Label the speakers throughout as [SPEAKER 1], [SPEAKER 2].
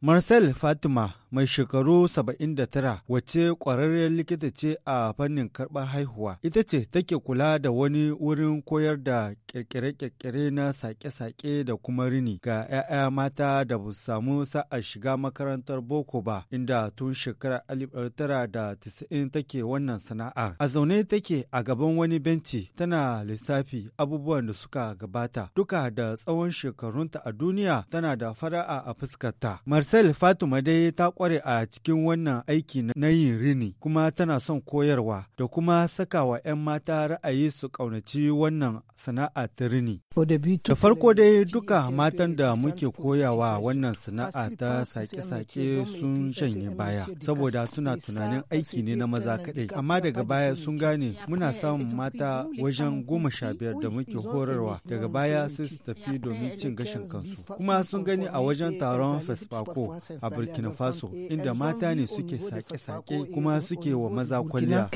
[SPEAKER 1] Marcel Fatima mai shekaru 79 wace ƙwararriyar likita ce a fannin karɓar haihuwa ita ce take kula da wani wurin koyar da ƙirƙire-ƙirƙire na sake-sake da kuma rini ga 'ya'ya mata da ba samu sa'a shiga makarantar boko ba inda tun shekarar 1990 take wannan sana'ar a zaune take a gaban wani benci tana lissafi abubuwan da suka gabata duka da tsawon shekarunta a duniya tana da fara'a a fuskarta Marcel fatima dai ta kware a cikin wannan aiki na yin rini kuma tana son koyarwa da kuma sakawa 'yan mata ra'ayi su ƙaunaci wannan sana'a ta rini. Da farko dai duka matan da muke koyawa wannan sana'a ta sake-sake sun shanye baya saboda suna tunanin aiki ne na maza kaɗai. Amma daga baya sun gane muna samun mata wajen goma sha biyar da muke horarwa daga baya sai su tafi domin cin gashin kansu. Kuma sun gani a wajen taron Fesfako Bamako a Burkina Faso inda mata ne suke sake-sake kuma suke wa maza kwalliya.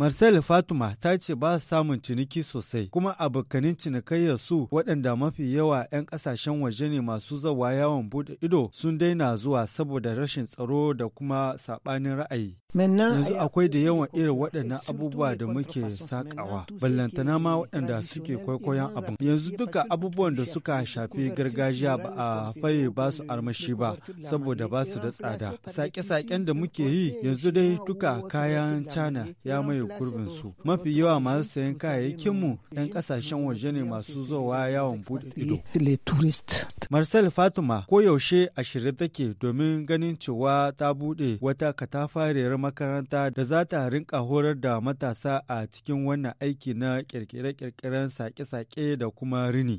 [SPEAKER 1] Marcel Fatima ta ce ba samun ciniki sosai kuma abokanin cinikayyar su waɗanda mafi yawa 'yan ƙasashen waje ne masu zawa yawon buɗe ido sun daina zuwa saboda rashin tsaro da kuma saɓanin ra'ayi. Yanzu akwai da yawan irin waɗannan abubuwa da muke sakawa, ballantana ma waɗanda suke kwaikwayon abin. Yanzu duka abubuwan da suka shafi gargajiya ba a faye ba su armashi ba saboda ba su da tsada. Sake-saken da muke yi yanzu dai duka kayan cana ya mai su mafi yawa masu sayan mu 'yan kasashen waje ne masu zowa yawon bude ido marcel fatima koyaushe a shirye take domin ganin cewa ta bude wata katafariyar makaranta da za ta rinka horar da matasa a cikin wannan aiki na kirkire-kirkiren sake-sake da kuma rini